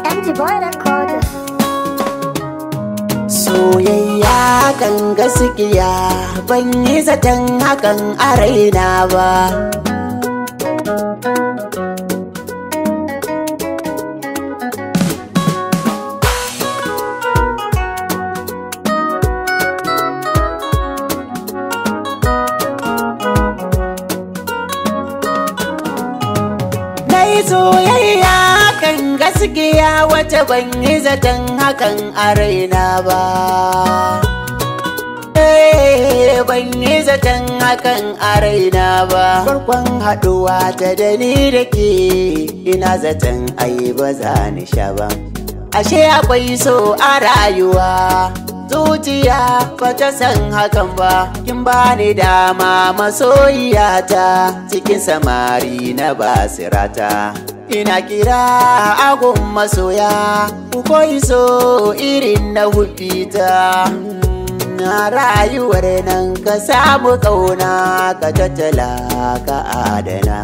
MG boy record Soyayya kan gaskiya ban yi zaton hakan a raina ba soyayya kan gaskiya wata ban yi zaton hakan a raina ba eh, ban yi zaton hakan a raina ba farkon haɗuwa ta da ni da ke ina zaton ayi ba za ni sha ba ashe akwai so a rayuwa zuciya ba ta san hakan ba kin bani dama masoyiyata cikin samari na basirata ina kira agun masoya ku koyi so irin na hufita na rayuwar nan ka samu kauna ka tattala ka adana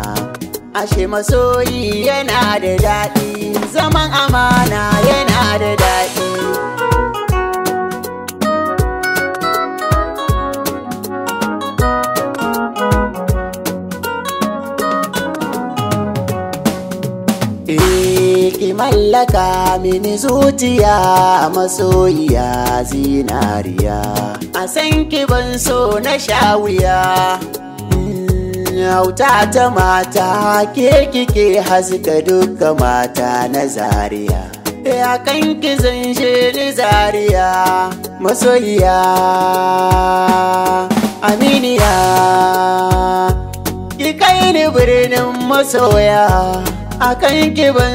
ashe masoyi yana da daɗi zaman amana yana da daɗi ki mallaka mini zuciya masoyiya zinariya a san ki ban so na shawiya Hauta mm, ta mata ke kike haska duka mata na zariya ya e, kan ki zan ni zariya masoyiya aminiya ki kai ni birnin masoya a kan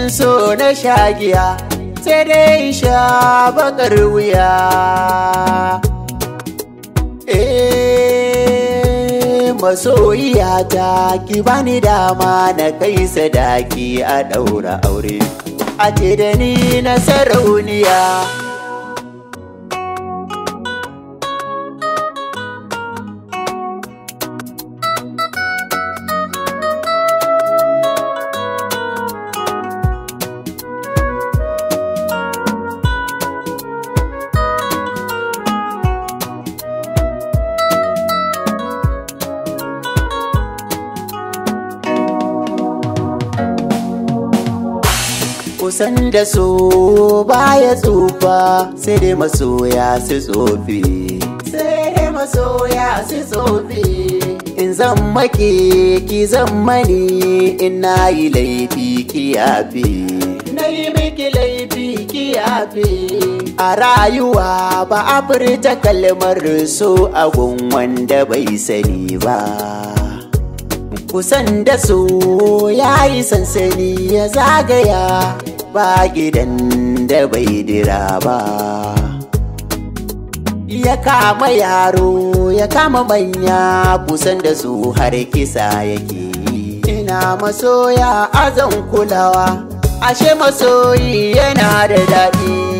so na shagiya sai dai sha bakar wuya eh, masoyiya ta ki bani dama na kai sadaki a ɗaura aure a ce da ni na sarauniya kusan da so baya tsufa sai dai masoya su tsofi su tsofi in zan maki ki zan mani in na yi laifi ki yafi na miki laifi ki a rayuwa ba a furta kalmar so a wanda bai sani ba kusan da su ya yi sansani ya zagaya ba gidan da bai dira ba ya kama yaro ya kama manya kusan da su har kisa yake ina masoya azan kulawa ashe masoyi yana da daɗi